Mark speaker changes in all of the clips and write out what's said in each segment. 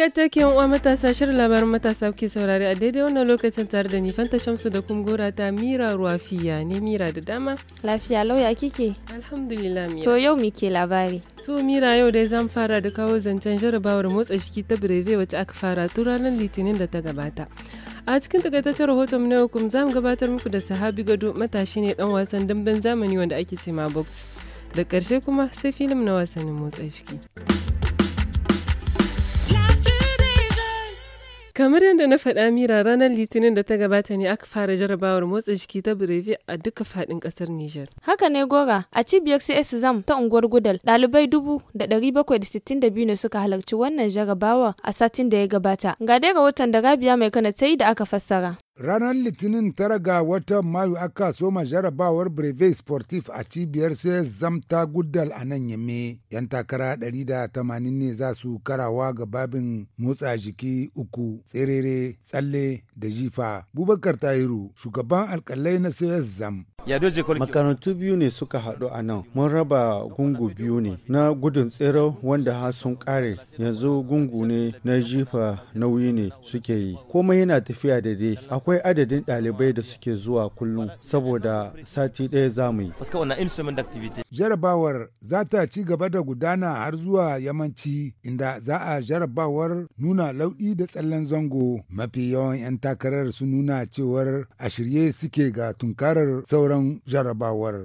Speaker 1: Fuskar ta ke uwa matasa shirin labarin matasa kuke saurari a daidai wannan lokacin tare da ni Fanta Shamsu da kuma gora ta Mira Ruwafiya ne Mira da dama.
Speaker 2: Lafiya lauya kike? Alhamdulillah Mira. To yau muke
Speaker 1: labari. To Mira yau dai zan fara da kawo zancen jarabawar motsa jiki ta Breve wacce aka fara tun ranar Litinin da ta gabata. A cikin takaitaccen rahoton na yau kuma za mu gabatar muku da Sahabi Gado matashi ne dan wasan damben zamani wanda ake ce ma box. Da karshe kuma sai filim na wasannin motsa jiki. Kamar yadda na faɗa mira ranar Litinin da ta gabata ne aka fara jarabawar motsa jiki ta Brevi a duka faɗin ƙasar niger.
Speaker 2: Haka ne Gora, a cibiyar CS Zam ta unguwar Gudal, ɗalibai dubu da ɗari bakwai da sittin da biyu ne suka halarci wannan jarabawa a satin da ya gabata. Ga dai watan da Rabia mai kana ta yi da aka fassara.
Speaker 3: Ranar Litinin tara ga watan Mayu aka soma jarabawar Breve Sportif a cibiyar sai zamta guddal a nan yamme. 'Yan takara 180 ne za su karawa ga babin motsa jiki uku, tserere, tsalle da jifa. Bubakar Tahiru, shugaban alkalai na sai zam.
Speaker 4: Makarantu biyu ne suka haɗu a nan. Mun raba gungu biyu ne na gudun tsero wanda har sun ƙare. Yanzu gungu ne na jifa nauyi ne suke yi. Komai yana tafiya da dai. Akwai adadin ɗalibai da suke zuwa kullum saboda sati ɗaya za mu yi.
Speaker 3: Jarabawar za ta ci gaba da gudana har zuwa yamanci inda za a jarabawar nuna lauɗi da tsallen zango. Mafi yawan 'yan takarar su nuna cewar a shirye suke ga tunkarar sauran sauran jarabawar.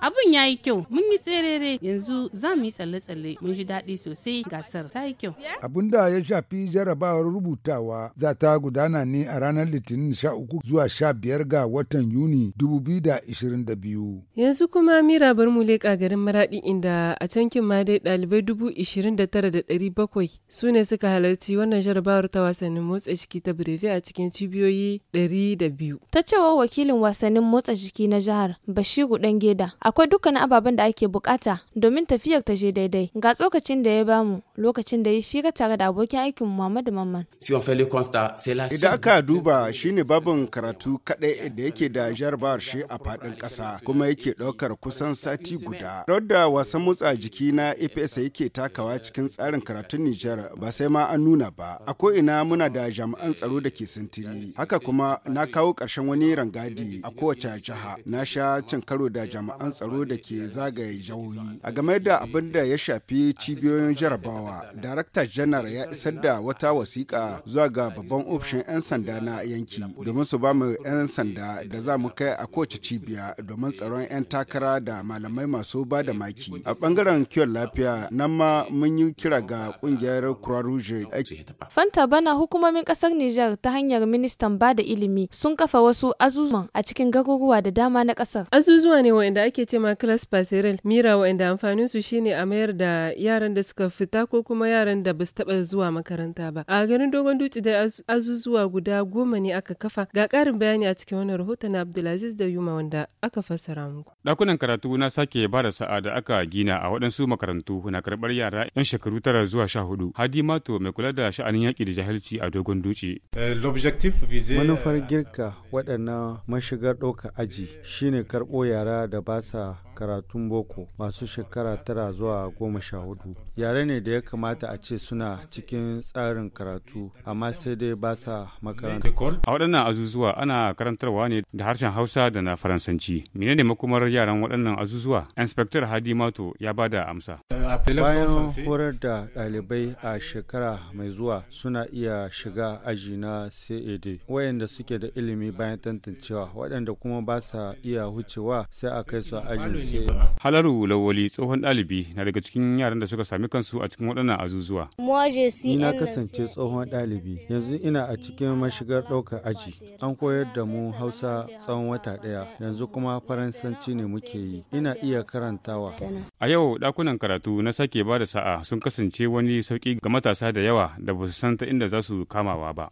Speaker 2: Abun ya yi kyau, mun yi tserere yanzu za mu yi tsalle-tsalle mun ji daɗi sosai gasar ta yi kyau.
Speaker 3: Abun da ya shafi jarabawar rubutawa za ta gudana ne a ranar Litinin 13 zuwa 15 ga watan Yuni 2022.
Speaker 1: Yanzu kuma Mira bar mu leƙa garin Maraɗi inda a can ma dai ɗalibai 29,700 su ne suka halarci wannan jarabawar ta wasannin motsa ciki ta Brevi a cikin cibiyoyi biyu.
Speaker 2: Ta cewa wakilin wasannin motsa jiki na jihar Bashiru dan geda. Akwai dukkanin ababen da ake bukata domin tafiyar ta je daidai. Ga tsokacin da ya bamu lokacin da ya fira tare da abokin aikin Muhammadu
Speaker 5: Mamman. Idan
Speaker 3: aka duba shine babin karatu kadai da yake da jarabar shi a fadin kasa kuma yake daukar kusan sati guda. Rodda wasan motsa jiki na APS yake takawa cikin tsarin karatun Nijar ba sai ma an nuna ba. A ko ina muna da jami'an tsaro da ke sintiri. Haka kuma na kawo karshen wani rangadi a kowace kowace na sha cin karo da jami'an tsaro da ke zagaye jihohi a game da abin da ya shafi cibiyoyin jarabawa darakta janar ya isar da wata wasiƙa zuwa ga babban ofishin 'yan sanda na yanki domin su ba mu 'yan sanda da za mu kai a kowace cibiya domin tsaron 'yan takara da malamai masu ba da maki a bangaren kiwon lafiya nan ma mun yi kira ga kungiyar croix rouge
Speaker 2: fanta bana hukumomin kasar niger ta hanyar ministan ba da ilimi sun kafa wasu azuzuman a cikin gago abubuwa da dama na ƙasar.
Speaker 1: Azuzuwa ne waɗanda ake ce ma class passerelle mira waɗanda amfanin su shine a mayar da yaran da suka fita ko kuma yaran da basu su taɓa zuwa makaranta ba. A garin Dogon Dutse da azuzuwa guda goma ne aka kafa. Ga ƙarin bayani a cikin wannan rahoton na Abdulaziz da Yuma wanda aka fassara muku.
Speaker 5: dakunan karatu na sake ba da sa'a da aka gina a waɗansu makarantu na karɓar yara 'yan shekaru tara zuwa sha hudu. Hadi Mato mai kula da sha'anin yaƙi da jahilci a dogon duci. Eh, Manufar
Speaker 4: eh, girka waɗannan mashigar ɗaukar aji shine karɓo yara da ba sa karatun boko masu shekara tara zuwa goma sha hudu. Yare ne da ya kamata a ce suna cikin tsarin karatu amma sai dai ba sa makaranta.
Speaker 5: A waɗannan azuzuwa ana karantarwa ne da harshen Hausa da na Faransanci. Menene makomar yaran waɗannan azuzuwa? Inspector Hadi Mato ya ba da amsa. Bayan
Speaker 4: horar da ɗalibai a shekara mai zuwa suna iya shiga aji na CAD wayanda suke da ilimi bayan tantancewa waɗanda kuma ba sa iya wucewa sai a kai su ajin CAD.
Speaker 5: Halaru Lawali tsohon ɗalibi na daga cikin yaran da suka sami kansu a cikin waɗannan azuzuwa. Ni na kasance tsohon
Speaker 4: ɗalibi yanzu ina a cikin mashigar ɗaukar aji an koyar da mu Hausa tsawon wata ɗaya yanzu kuma Faransanci ne ne muke yi ina iya karantawa
Speaker 5: a yau dakunan karatu na sake ba da sa'a sun kasance wani sauƙi ga matasa da yawa da ba su san ta inda za su kamawa ba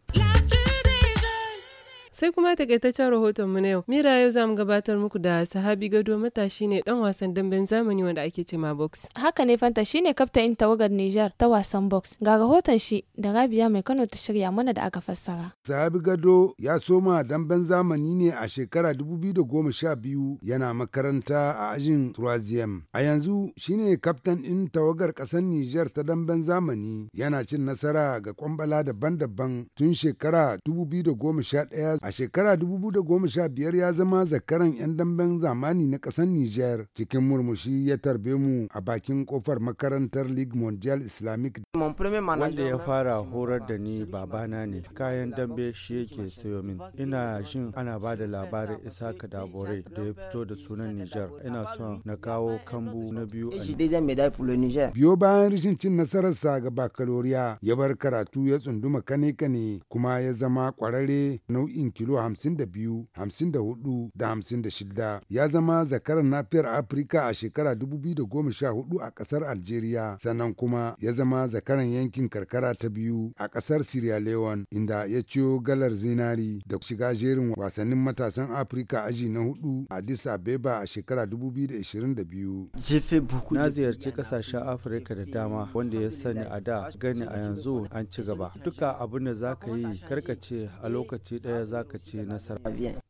Speaker 1: Sai kuma takaitaccen rahoton mu na yau. Mira yau za mu gabatar muku da Sahabi Gado matashi ne dan wasan damben zamani wanda ake cema box.
Speaker 2: Haka ne Fanta shine kaftain tawagar Niger ta wasan box. Ga rahoton shi da Rabia mai Kano ta shirya mana da aka fassara.
Speaker 3: Sahabi Gado ya soma damben zamani ne a shekara 2012 yana makaranta a ajin Troisième. A yanzu shine kaftan din tawagar kasar Niger ta damben zamani yana cin nasara ga kwambala daban-daban tun shekara 2011 a A shekara 2015 ya zama zakaran 'yan damben zamani na ƙasar Nijar cikin murmushi ya tarbe mu a bakin kofar makarantar League Mondial Islamic.
Speaker 4: Wanda ya fara horar da ni babana ne, kayan dambe shi yake sayo min. Ina jin ana ba da labarin isa ka da ya fito da sunan Nijar. Ina son na kawo kambu na biyu
Speaker 3: a Biyo bayan rishin cin nasararsa ga bakaloriya, ya bar karatu ya tsunduma kane-kane kuma ya zama ƙwararre nau'in kilo 52, 54 da 56 ya zama zakarar nafiyar Afirka a shekara 2014 a ƙasar Algeria sannan kuma ya zama zakaran yankin karkara ta biyu a ƙasar Sierra Leone inda ya ciyo galar zinari da shiga jerin wasannin matasan Afirka aji na hudu a Addis Abeba a shekara 2022. Na
Speaker 4: ziyarci kasashen Afirka da dama wanda ya sani a da gani a yanzu an ci gaba. Duka abin da za ka yi karkace a lokaci ɗaya za ka ce nasara.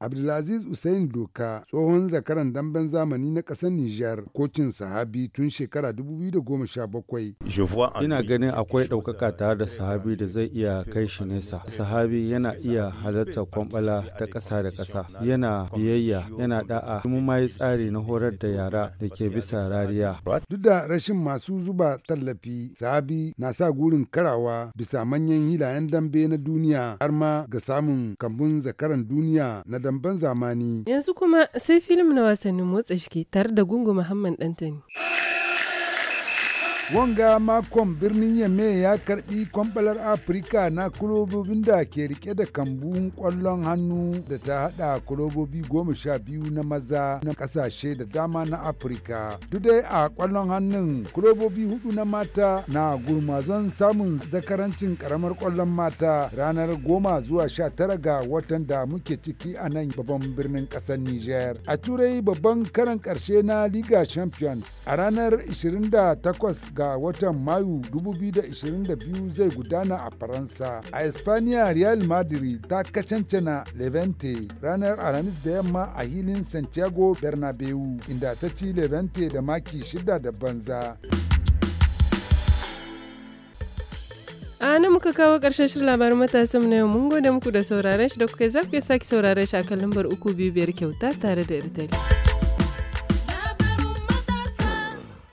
Speaker 3: Abdulaziz Usain Doka tsohon zakaran damben zamani na ƙasar Nijar kocin sahabi tun shekara 2017.
Speaker 4: Ina ganin akwai ɗaukaka tare da sahabi da zai iya kai shi nesa. Sahabi yana iya halartar kwambala ta ƙasa da ƙasa. Yana biyayya, yana da'a, mun ma yi tsari na horar da yara da ke bisa rariya.
Speaker 3: Duk da rashin masu zuba tallafi, sahabi na sa gurin karawa bisa manyan hilayen dambe na duniya har ma ga samun kambun zakaran duniya na damben zamani.
Speaker 1: Yanzu kuma sai filim na wasannin motsa shi tare da gungu Muhammad Dantani.
Speaker 3: Wanga makon birnin Yame ya karbi kwambalar Afirka na kulobobin da ke rike da kambun kwallon hannu da ta hada kulobobi goma sha biyu na maza na kasashe da dama na Afirka. Dudai a kwallon hannun kulobobi hudu na mata na gurmazon samun zakarancin karamar kwallon mata ranar goma zuwa sha tara ga watan da muke ciki a nan babban birnin kasar Niger. A turai babban karan karshe na Liga Champions a ranar 28 ga ga watan Mayu 2022 zai gudana a Faransa. A Espaniya Real Madrid ta kacancana Levante ranar Alhamis da yamma a hilin Santiago Bernabeu inda ta ci Levante da maki shida da banza.
Speaker 1: a nan muka kawo ƙarshen shirin labarin matasan na yau mun gode muku da sauraron shi da kuka zafi sake sauraron shi a kan lambar uku biyu biyar kyauta tare da irtali.